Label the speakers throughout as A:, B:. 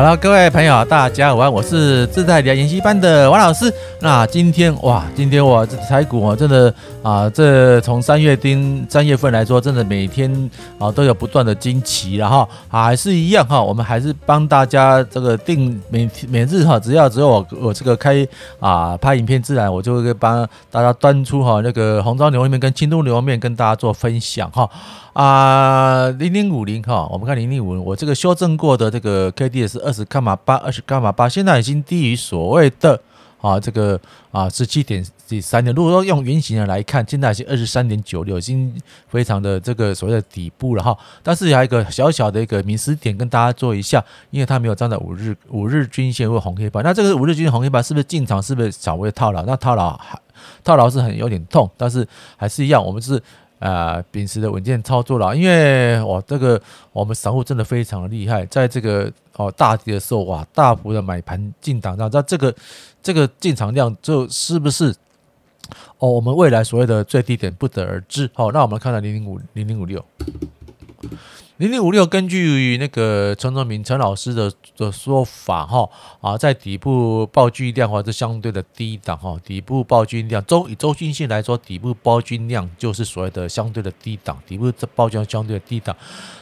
A: 好了，各位朋友，大家好啊，我是自在理財研習班的王老師。那今天哇，今天我這台股，啊，我真的。啊，這從三月丁三月份來說，真的每天啊都有不斷的驚奇，然、啊、後還是一樣哈、啊，我們還是幫大家這個定每每日哈、啊，只要只要我我這個開啊拍影片，自然我就會幫大家端出哈、啊、那個紅燒牛肉麵跟清燉牛肉麵跟大家做分享哈啊零零五零哈，0050，我們看零零五零，我這個修正過的這個 K D S 二十伽馬八二十伽馬八，現在已經低於所謂的。啊，這個啊，十七點十三點，如果說用圓形的來看，現在是二十三點九六，已經非常的這個所謂的底部了哈。但是還有一個小小的一個迷思點，跟大家做一下，因為它沒有站在五日五日均線或紅黑棒。那這個五日均線紅黑棒是不是進場？是不是稍微套牢？那套牢還套牢是很有點痛，但是還是一樣，我們是呃秉持的穩健操作了。因為我這個我們散戶真的非常的厲害，在這個哦大跌的時候哇，大幅的買盤進檔，那那這個。這個進場量就是不是哦？我們未來所謂的最低點不得而知。好，那我們看到零零五零零五六零零五六，根據那個陳宗明陳老師的的說法、哦，哈啊，在底部暴均量或者是相對的低檔，哈，底部暴均量周以周均線來說，底部暴均量就是所謂的相對的低檔，底部這暴均量相對的低檔。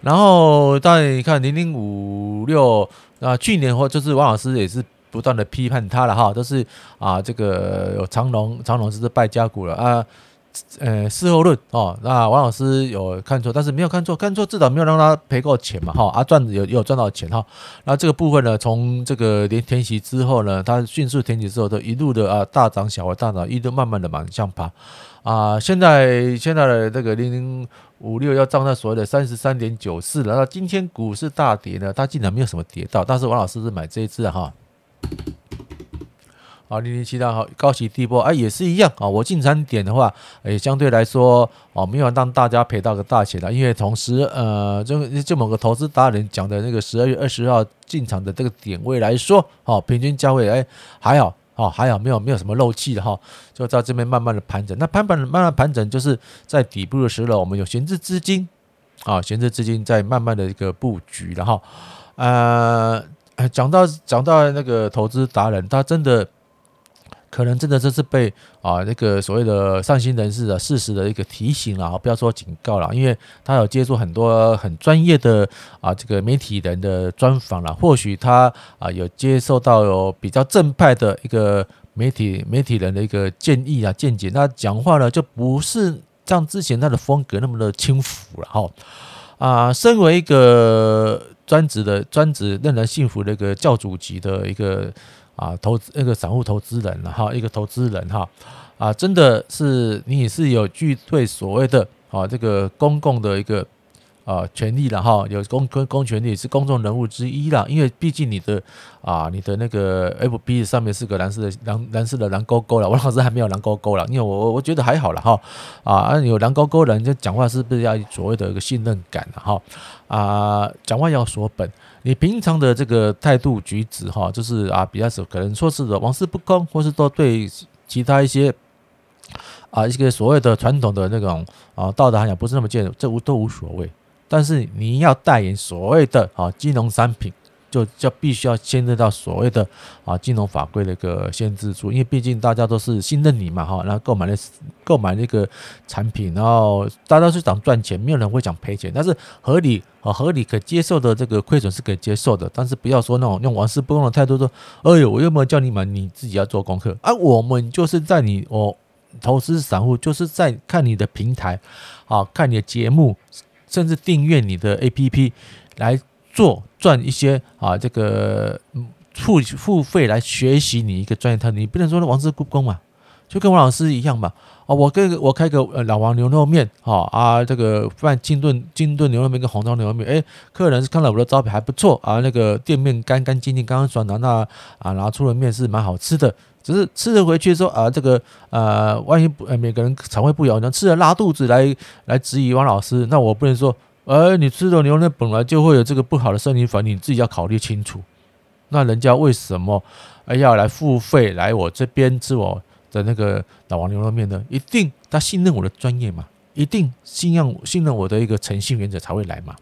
A: 然後大家看零零五六，那去年或就是王老師也是。不斷的批判他了哈，都是啊，這個有長榮，長榮是敗家股了啊，呃，呃，事後論哦，那王老師有看錯，但是沒有看錯，看錯至少沒有讓他賠過錢嘛哈，啊，賺有有賺到錢哈，那這個部分呢，從這個填填息之後呢，它迅速填息之後，都一路的啊大漲，小回大漲，一路慢慢的往上爬啊、呃，現在現在的這個零零五六要漲到所謂的三十三點九四了，那今天股市大跌呢，它竟然沒有什麼跌到，但是王老師是買這一只哈。好，零零七一三好，高息低波啊，也是一樣啊。我進場點的話，也、欸、相對來說哦，沒有讓大家賠到個大錢了。因為同時，呃，就就某個投資達人講的那個十二月二十號進場的這個點位來說，好、哦，平均價位哎、欸，還好，好、哦，還好，沒有沒有什麼漏氣的哈、哦。就在這邊慢慢的盤整，那盤整慢慢盤整，就是在底部的時候，我們有閒置資金啊，閒、哦、置資金在慢慢的一個布局，然後，呃。講到講到那個投資達人，他真的可能真的就是被啊那個所謂的善心人士的、啊、適時的一個提醒了、啊，不要說警告了、啊，因為他有接觸很多很專業的啊這個媒體人的專訪了、啊，或許他啊有接受到有比較正派的一個媒體媒體人的一個建議啊見解，那講話呢就不是像之前他的風格那麼的輕浮了哈啊，啊，身為一個。專職的專職令人信服的一個教主級的一個啊投資那個散戶投資人哈、啊、一個投資人哈啊，啊真的是你也是有具備所謂的啊這個公共的一個。啊，權利了哈，有公公公權力是公眾人物之一啦，因為畢竟你的啊，你的那個 FB 上面是個藍色的藍藍色的藍勾勾了，王老師還沒有藍勾勾了，因為我我覺得還好了哈，啊，啊，有藍勾勾的人就講話是不是要所謂的一個信任感了哈，啊，啊，講話要說本，你平常的這個態度舉止哈，就是啊，比較是可能說是的玩世不恭或是說對其他一些啊，一些所謂的傳統的那種啊道德還講不是那麼健，這無都無所謂。但是你要代言所謂的啊金融商品，就就必須要牽涉到所謂的啊金融法規的一個限制處，因為畢竟大家都是信任你嘛哈，然後購買了購買那個產品，然後大家是想賺錢，沒有人會想賠錢。但是合理啊，合理可接受的這個虧損是可以接受的，但是不要說那種用玩世不恭的態度說，哎呦，我又沒有叫你買，你自己要做功課。而我們就是在你我投資散戶，就是在看你的平台，啊，看你的節目。甚至訂閱你的 APP 來做賺一些啊，這個付付費來學習你一個專業態度。你不能說王室故宮嘛，就跟王老師一樣嘛。啊，我跟我開個老王牛肉麵，啊，這個飯清燉清燉牛肉麵跟紅燒牛肉麵，哎，客人是看了我的招牌還不錯啊，那個店面乾乾淨淨、剛剛轉的，那啊，拿出了麵是蠻好吃的。只是吃了回去說啊，這個呃，萬一不每個人腸胃不好，你吃了拉肚子來來質疑王老師，那我不能說，呃，你吃的牛肉本來就會有這個不好的生理反應，你自己要考慮清楚。那人家為什麼要來付費來我這邊吃我的那個老王牛肉麵呢？一定他信任我的專業嘛，一定信仰信任我的一個誠信原則才會來嘛。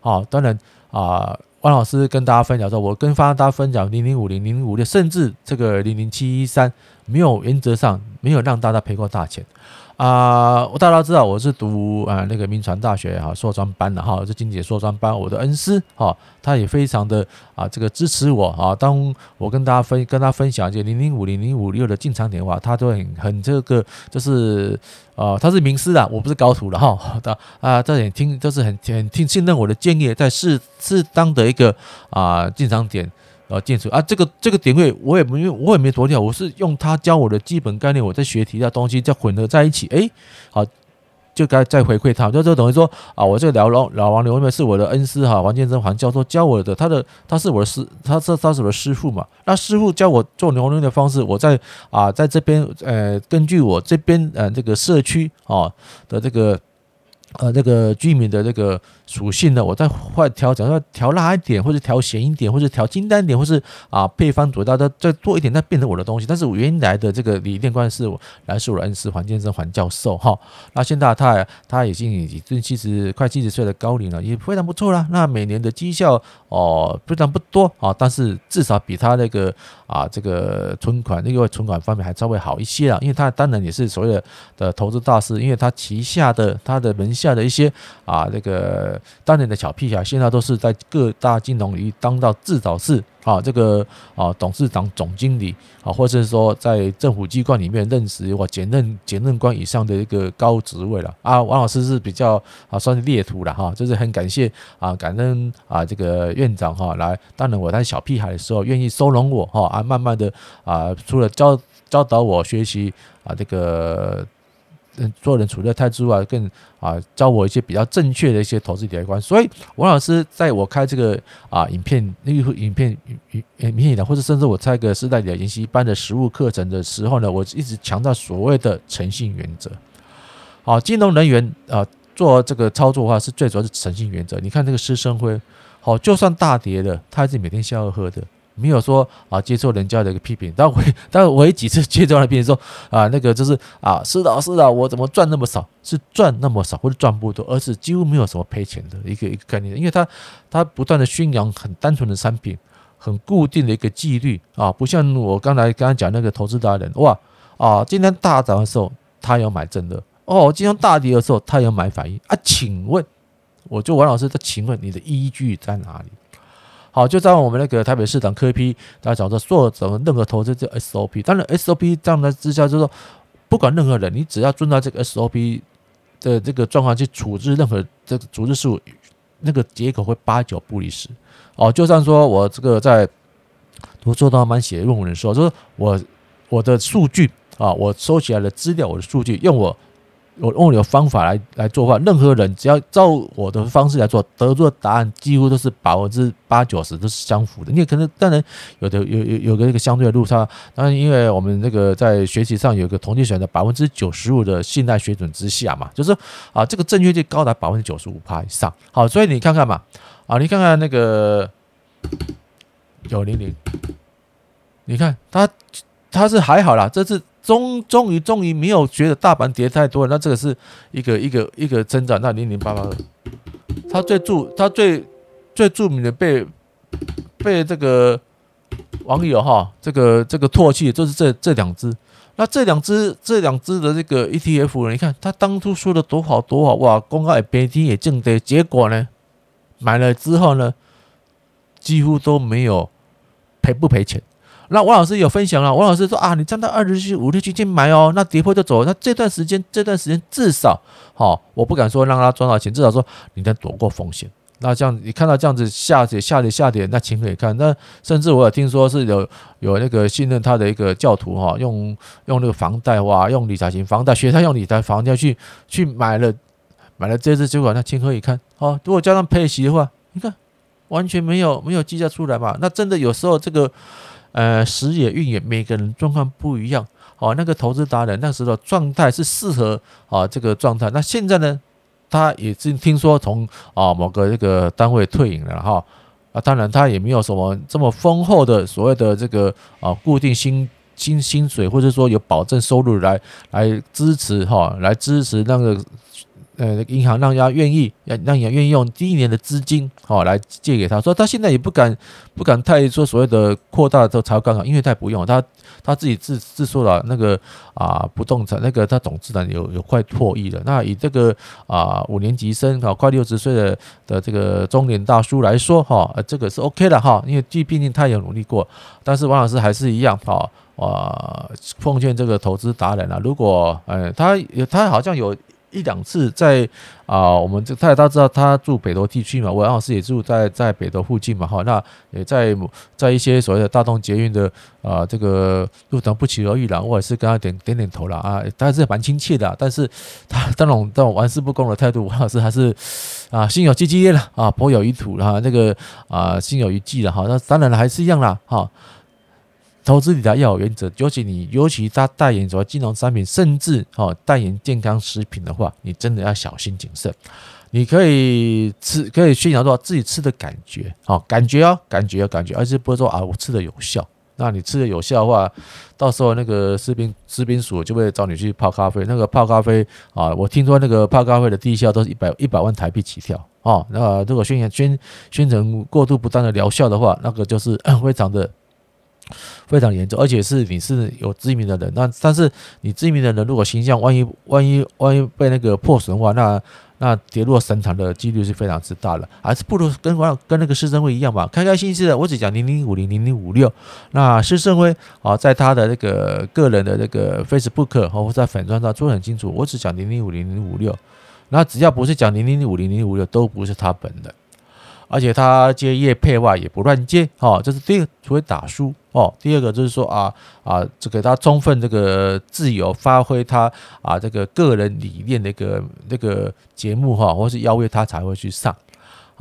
A: 好，當然啊、呃。王老師跟大家分享說，我跟發大家分享零零五零零五六，甚至這個零零七一三，沒有原則上沒有讓大家賠過大錢啊、呃！我大家都知道我是讀啊、呃、那個銘傳大學哈碩專班的哈，是經濟碩專班，我的恩師哈，他也非常的啊這個支持我啊。當我跟大家分跟他分享一些零零五零零五六的進場點的話，他都很很這個就是啊、呃，他是名師啊，我不是高徒了哈。好的啊，這點聽就是很很聽信任我的建議，在適適當的。一個啊進場點，然後進去啊，這個這個點位我也沒我也沒昨天，我是用他教我的基本概念，我在學其他東西，再混合在一起，誒，好，就該再回饋他，就這等於說啊，我這個老老老王牛肉麵是我的恩師哈、啊，王建真黃教授教我的，他的他是我的師，他是他是我的師傅嘛，那師傅教我做牛肉麵的方式，我在啊在這邊呃，根據我這邊呃這個社區啊的這個呃、啊、這個居民的這個。屬性的，我再調整，要調辣一點，或者調鹹一點，或者調清淡一點，或是,或是啊，配方做到再再多一點，再變成我的東西。但是我原來的這個理念觀是我藍我的恩師黃先生黃教授哈，那現在他他已經已經七十快七十歲的高齡了，也非常不錯了。那每年的績效哦、呃、非常不多啊，但是至少比他那個啊這個存款，那個存款方面還稍微好一些了。因為他當然也是所謂的的投資大師，因為他旗下的他的門下的一些啊這個。當年的小屁孩，現在都是在各大金融領域當到至少是啊這個啊董事長、總經理啊，或者是說在政府機關裡面任職，我簡任簡任官以上的一個高職位了啊。王老師是比較啊算是列土了哈，就是很感謝啊感恩啊這個院長哈，來當年我在小屁孩的時候願意收容我哈啊，慢慢的啊除了教教導我學習啊這個。嗯，做人處事的態度啊，更啊，教我一些比較正確的一些投資理財觀。所以，王老師在我開這個啊影片，那個影片，影片的，或者甚至我開個自在理財研習班的實務課程的時候呢，我一直強調所謂的誠信原則。好，金融人員啊，做這個操作的話，是最主要是誠信原則。你看這個施昇輝，好，就算大跌了，他還是每天笑呵呵的。沒有說啊，接受人家的一個批評，但我但我也幾次接到了批評說啊，那個就是啊，是的、啊，是的、啊，我怎麼賺那麼少？是賺那麼少，或者賺不多，而是幾乎沒有什麼賠錢的一個一個概念，因為他他不斷的宣揚很單純的商品，很固定的一個紀律啊，不像我剛才剛剛講那個投資達人哇啊，今天大漲的時候他要買真的哦，今天大跌的時候他要買反一啊，請問我就王老師，他請問你的依據在哪裡？好，就在我們那個台北市長柯 P，大家講說做什麼任何投資就 S O P，當然 S O P 這樣的之下就是說，不管任何人，你只要遵照這個 S O P 的這個狀況去處置任何這個處置事務，那個結果會八九不離十。哦，就像說我這個在讀書當還蠻寫論文的時候，就是我我的數據啊，我收起來的資料，我的數據用我。我用我的方法來來做的話，任何人只要照我的方式來做，得出的答案幾乎都是百分之八九十都是相符的。你也可能，當然有的有有有個那個相對的誤差，當然因為我們這個在學習上有個統計學的百分之九十五的信賴水準之下嘛，就是說啊這個正確率高達百分之九十五趴以上。好，所以你看看嘛，啊你看看那個九零零，你看他。他是還好啦，這次終終於終於沒有覺得大盤跌太多，那這個是一個一個一個增長到零零八八的。他最著他最最著名的被被這個網友哈這個這個唾棄，就是這這兩隻。那這兩隻這兩隻的這個 ETF 呢，你看他當初說的多好多好哇，公告也偏低也淨跌，結果呢買了之後呢幾乎都沒有賠不賠錢。那王老師有分享了。王老師說：“啊，你站到二十區、五六區去買哦，那跌破就走。那這段時間，這段時間至少，好，我不敢說讓他賺到錢，至少說你能躲過風險。那這樣，你看到這樣子下跌、下跌、下跌，那情何以堪？那甚至我有聽說是有有那個信任他的一個教徒哈、哦，用用那個房貸哇，用理財型房貸，學他用理財房貸去去買了買了這隻資管，那情何以堪啊？如果加上配息的話，你看完全沒有沒有計較出來嘛？那真的有時候這個。”呃，時也運也，每個人狀況不一樣。好，那個投資達人那時的狀態是適合啊這個狀態。那現在呢，他已經聽說從啊某個這個單位退隱了哈。啊，啊，當然他也沒有什麼這麼豐厚的所謂的這個啊固定薪薪薪水，或者說有保證收入來來支持哈、啊，來支持那個。呃，銀行讓人家願意，讓讓人家願意用第一年的資金，哦，來借給他。說他現在也不敢，不敢太說所謂的擴大這財務槓桿啊，因為太不用了，他他自己自自說了那個啊，不動產那個他總資產有有快破億了。那以這個啊，五年級生快六十歲的的這個中年大叔來說，哈，這個是 OK 的哈，因為既畢竟他也努力過。但是王老師還是一樣，哈，啊，奉勸這個投資達人啊，如果呃，他他好像有。一兩次在啊，我們這大家知道他住北投地區嘛，王老師也住在在北投附近嘛哈，那也在在一些所謂的大眾捷運的啊，這個路段不期而遇了，我也是跟他點點點頭了啊，他還是蠻親切的，但是他那種那種玩世不恭的態度，王老師還是啊心有戚戚焉了啊，頗有一吐了，這個啊心有餘悸了哈，那當然了還是一樣了哈。投資理財要有原則，尤其你尤其他代言什麼金融產品，甚至哦代言健康食品的話，你真的要小心謹慎。你可以吃，可以宣揚說自己吃的感覺，哦感覺哦感覺哦感覺，而且不是說啊我吃的有效。那你吃的有效的話，到時候那個士兵士兵署就會找你去泡咖啡。那個泡咖啡啊，我聽說那個泡咖啡的地下都是一百一百萬台幣起跳啊。那如果宣傳，宣宣傳過度不斷的療效的話，那個就是非常的。非常嚴重，而且是你是有知名的人，那但是你知名的人如果形象萬一萬一萬一被那個破損的話，那那跌落神壇的幾率是非常之大的。還是不如跟跟那個施昇輝一樣吧，開開心心的。我只講零零五零零零五六，那施昇輝啊，在他的那個個人的那個 Facebook 後、啊、在粉專上做得很清楚，我只講零零五零零五六，那只要不是講零零五零零五六，都不是他本人。而且他接業配外也不亂接哈，這是第一個，除非打輸哦。第二個就是說啊啊，這個他充分這個自由發揮他啊這個個人理念的一個那個節目哈，或是邀約他才會去上。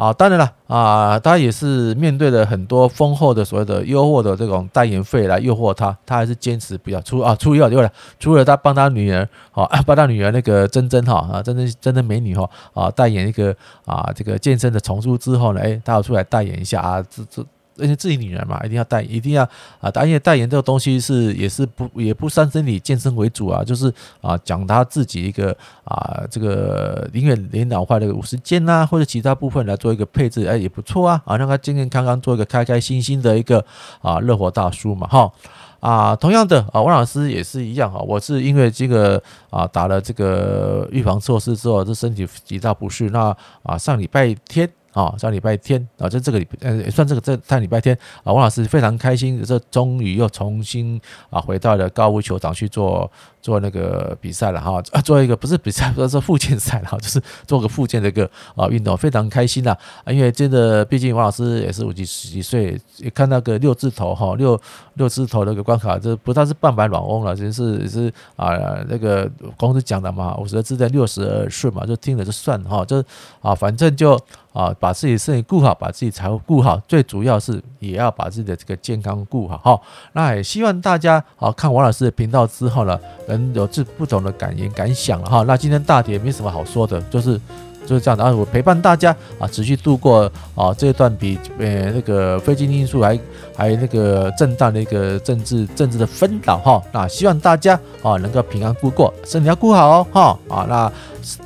A: 啊，當然了，啊，他也是面對了很多豐厚的所謂的優渥的這種代言費來誘惑他，他還是堅持比較出啊，出要對了，除了他幫他女兒，啊，幫他女兒那個珍珍哈啊，珍、珍、珍珍、珍珍美女哈啊，代言一個啊這個健身的叢書之後呢，誒，他要出來代言一下啊，這這。而且自己女人嘛，一定要帶，一定要啊！當然，代言這個東西是也是不也不傷身體健身為主啊，就是啊講他自己一個啊這個因為領導壞的，個五十肩吶或者其他部分來做一個配置，哎也不錯啊啊讓他健健康，康康做一個開開心心的一個啊樂活大叔嘛哈啊同樣的啊，王老師也是一樣哈、啊，我是因為這個啊打了這個預防措施之後，這身體幾道不適，那啊上禮拜天。啊、哦，上禮拜天啊，就這個禮拜，呃，算這個算這上、個、禮拜天啊，王老師非常開心，這終於又重新啊回到了高爾夫球場去做。做那個比賽了哈，啊，做一個不是比賽，不是說復健賽了，就是做個復健的一個啊運動，非常開心吶、啊！因為真的，畢竟王老師也是五幾十幾歲，一看那個六字頭哈，六六字頭那個關卡，這不但是半百老翁了，就是也是啊，那個公司講的嘛，五十而至六十而順嘛，就聽了就算哈，就是啊，反正就啊，把自己身體顧好，把自己財務顧好，最主要是也要把自己的這個健康顧好哈。那也希望大家啊，看王老師的頻道之後呢，能有自不同的感言感想哈、啊，那今天大體也沒什麼好說的，就是就是這樣然後、啊、我陪伴大家啊，持續度過啊這一段比呃那個非經濟因素還還那個震盪的一個政治政治的紛擾，哈，那希望大家啊能夠平安度過，身體要顧好哦哈啊，那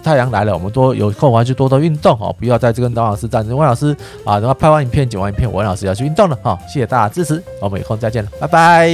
A: 太陽來了，我們多有空還要去多多運動哈、啊，不要在這跟老老師站着，王老師啊，然後拍完影片剪完影片，我王老師要去運動了哈、啊，謝謝大家支持，我們有空再見了，拜拜。